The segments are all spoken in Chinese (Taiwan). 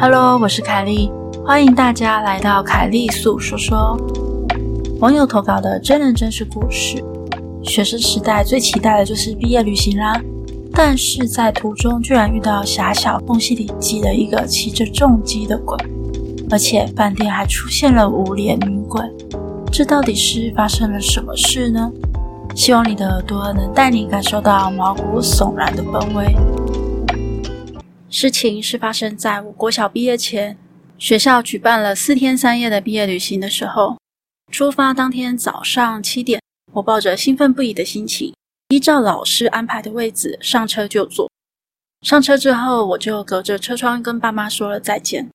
Hello，我是凱莉，歡迎大家來到凱莉粟說說哦。網友投稿的真人真事故事。學生時代最期待的就是畢業旅行啦，但是在途中居然遇到狹小縫隙裡擠了一個騎着重機的鬼，而且飯店還出現了無臉女鬼，這到底是發生了什麼事呢？希望你的耳朵能帶你感受到毛骨悚然的氛圍。事情是發生在我國小畢業前，學校舉辦了四天三夜的畢業旅行的時候。出發當天早上七點，我抱着興奮不已的心情，依照老師安排的位置上車就坐。上車之後，我就隔着車窗跟爸媽說了再見。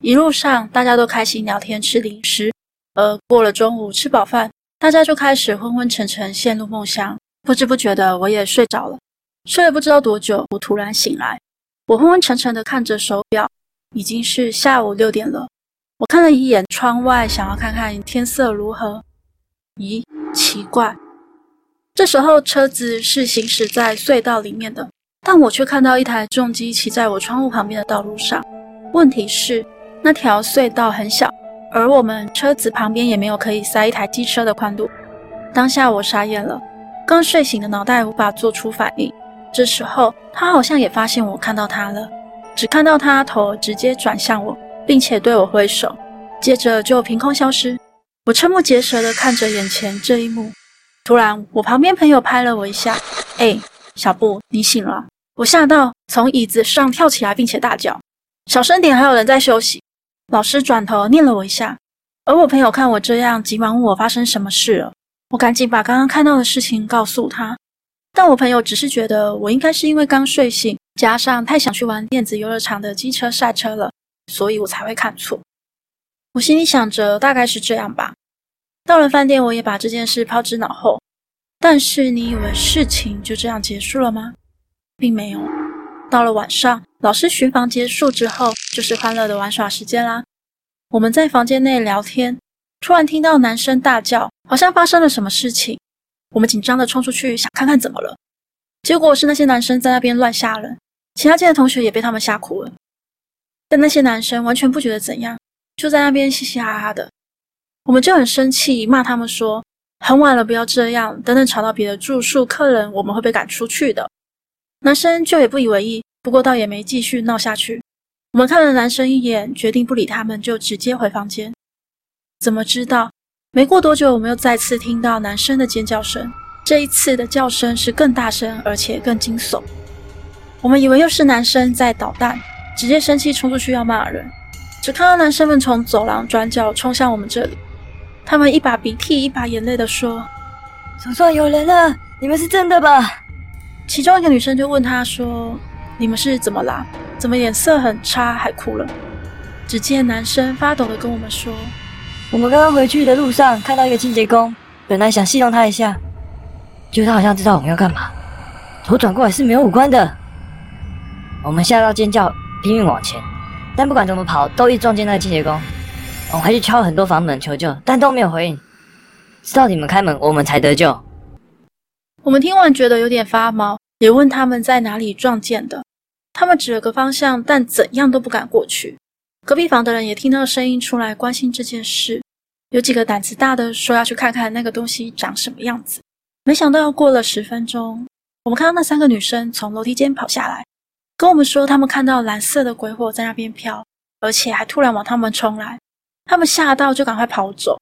一路上，大家都開心聊天，吃零食。而過了中午，吃飽飯，大家就開始昏昏沉沉，陷入夢鄉。不知不覺的，我也睡着了。睡了不知道多久，我突然醒來。我昏昏沉沉地看着手表，已經是下午六點了。我看了一眼窗外，想要看看天色如何。咦，奇怪！這時候車子是行駛在隧道裡面的，但我卻看到一台重機騎在我窗戶旁邊的道路上。問題是，那條隧道很小，而我們車子旁邊也沒有可以塞一台機車的寬度。當下我傻眼了，剛睡醒的腦袋無法做出反應。這時候，他好像也發現我看到他了，只看到他頭直接轉向我，並且對我揮手，接着就憑空消失。我瞠目結舌地看着眼前這一幕。突然，我旁邊朋友拍了我一下：“誒、欸，小布，你醒了、啊！”我嚇到，從椅子上跳起來，並且大叫：“小聲點，還有人在休息。”老師轉頭念了我一下，而我朋友看我這樣，急忙問我發生什麼事了。我趕緊把剛剛看到的事情告訴他。但我朋友只是覺得我應該是因為剛睡醒，加上太想去玩電子遊樂場的機車賽車了，所以我才會看錯。我心裡想着，大概是這樣吧。到了飯店，我也把這件事拋之腦後。但是，你以為事情就這樣結束了嗎？並沒有。到了晚上，老師巡房結束之後，就是歡樂的玩耍時間啦。我們在房間內聊天，突然聽到男生大叫，好像發生了什麼事情。我們緊張的衝出去，想看看怎麼了，結果是那些男生在那邊亂嚇人，其他間的同學也被他們嚇哭了，但那些男生完全不覺得怎樣，就在那邊嘻嘻哈哈的，我們就很生氣，罵他們說很晚了，不要這樣，等等吵到別的住宿客人，我們會被趕出去的。男生就也不以為意，不過倒也沒繼續鬧下去。我們看了男生一眼，決定不理他們，就直接回房間。怎麼知道？沒過多久，我們又再次聽到男生的尖叫聲。這一次的叫聲是更大聲，而且更驚悚。我們以為又是男生在搗蛋，直接生氣衝出去要罵人，只看到男生們從走廊轉角衝向我們這裡。他們一把鼻涕一把眼淚的說：“總算有人了，你們是真的吧？”其中一個女生就問他說：“你們是怎麼啦？怎麼臉色很差，還哭了？”只見男生發抖的跟我們說。我們剛剛回去的路上看到一個清潔工，本來想戲弄他一下，就他好像知道我們要幹嘛。頭轉過來是沒有五官的，我們嚇到尖叫，拼命往前，但不管怎麼跑都一撞見那個清潔工。我們還去敲了很多房門求救，但都沒有回應。直到你們開門，我們才得救。我們聽完覺得有點發毛，也問他們在哪裡撞見的。他們指了個方向，但怎樣都不敢過去。隔壁房的人也聽到聲音出來關心這件事，有幾個膽子大的說要去看看那個東西長什麼樣子。沒想到要過了十分鐘，我們看到那三個女生從樓梯間跑下來，跟我們說他們看到藍色的鬼火在那邊飄，而且還突然往他們衝來，他們嚇到就趕快跑走。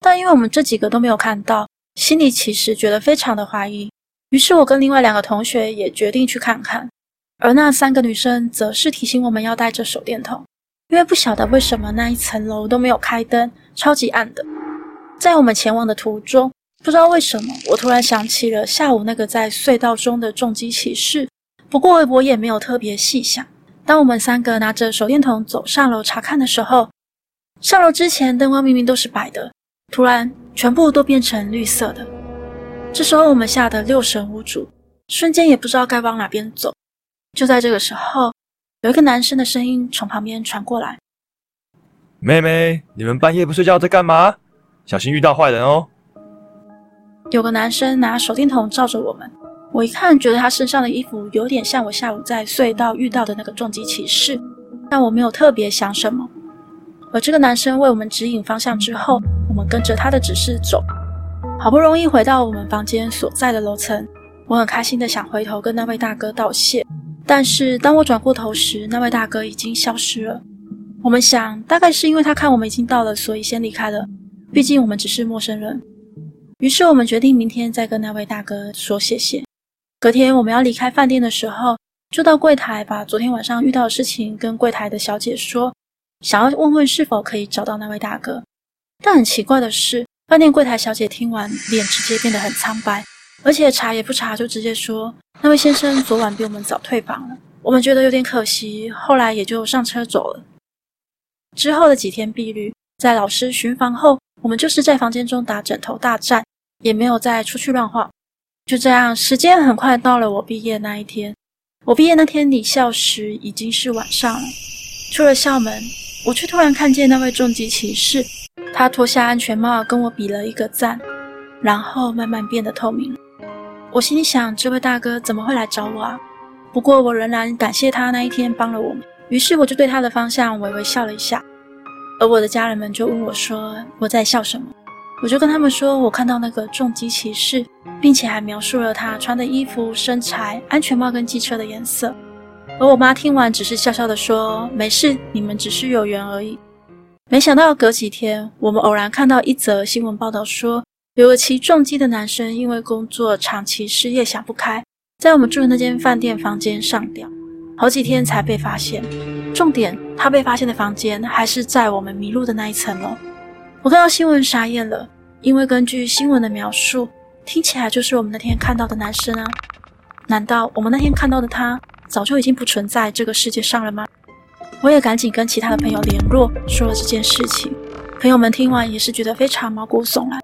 但因為我們這幾個都沒有看到，心裡其實覺得非常的懷疑。於是我跟另外兩個同學也決定去看看，而那三個女生則是提醒我們要帶着手電筒。因為不曉得為什麼那一層樓都沒有開燈，超級暗的。在我們前往的途中，不知道為什麼，我突然想起了下午那個在隧道中的重機騎士，不過我也沒有特別細想。當我們三個拿着手電筒走上樓查看的時候，上樓之前燈光明明都是白的，突然全部都變成綠色的。這時候我們嚇得六神無主，瞬間也不知道該往哪邊走。就在這個時候。有一個男生的聲音從旁邊傳過來：“妹妹，你們半夜不睡覺在幹嘛？小心遇到壞人哦。”有個男生拿手電筒照着我們，我一看覺得他身上的衣服有點像我下午在隧道遇到的那個重機騎士，但我沒有特別想什麼。而這個男生為我們指引方向之後，我們跟着他的指示走，好不容易回到我們房間所在的樓層，我很開心的想回頭跟那位大哥道謝。但是當我轉過頭時，那位大哥已經消失了。我們想，大概是因為他看我們已經到了，所以先離開了。畢竟我們只是陌生人。於是我們決定明天再跟那位大哥說謝謝。隔天我們要離開飯店的時候，就到櫃台把昨天晚上遇到的事情跟櫃台的小姐說，想要問問是否可以找到那位大哥。但很奇怪的是，飯店櫃台小姐聽完，臉直接變得很蒼白。而且查也不查，就直接說那位先生昨晚比我們早退房了。我們覺得有點可惜，後來也就上車走了。之後的幾天，畢旅在老師巡房後，我們就是在房間中打枕頭大戰，也沒有再出去亂晃。就這樣，時間很快到了我畢業那一天。我畢業那天離校時已經是晚上了，出了校門，我卻突然看見那位重機騎士，他脫下安全帽跟我比了一個讚，然後慢慢變得透明了。我心裡想，這位大哥怎麼會來找我啊？不過我仍然感謝他那一天幫了我們。於是我就對他的方向微微笑了一下，而我的家人們就問我說我在笑什麼。我就跟他們說，我看到那個重機騎士，並且還描述了他穿的衣服、身材、安全帽跟機車的顏色。而我媽聽完只是笑笑的說：“沒事，你們只是有緣而已。”沒想到隔幾天，我們偶然看到一則新聞報道說，有個騎重機的男生，因為工作長期失業，想不開，在我們住的那間飯店房間上吊，好幾天才被發現。重點，他被發現的房間還是在我們迷路的那一層樓哦。我看到新聞傻眼了，因為根據新聞的描述，聽起來就是我們那天看到的男生啊。難道我們那天看到的他，早就已經不存在這個世界上了嗎？我也趕緊跟其他的朋友聯絡，說了這件事情。朋友們聽完也是覺得非常毛骨悚然。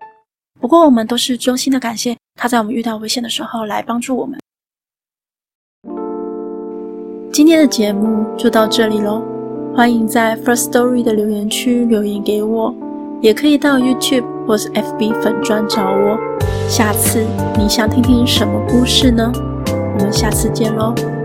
不過我們都是衷心的感謝他在我們遇到危險的時候來幫助我們。今天的節目就到這裡嘍，歡迎在 First Story 的留言區留言給我，也可以到 YouTube 或是 FB 粉專找我。下次你想聽聽什麼故事呢？我們下次見嘍。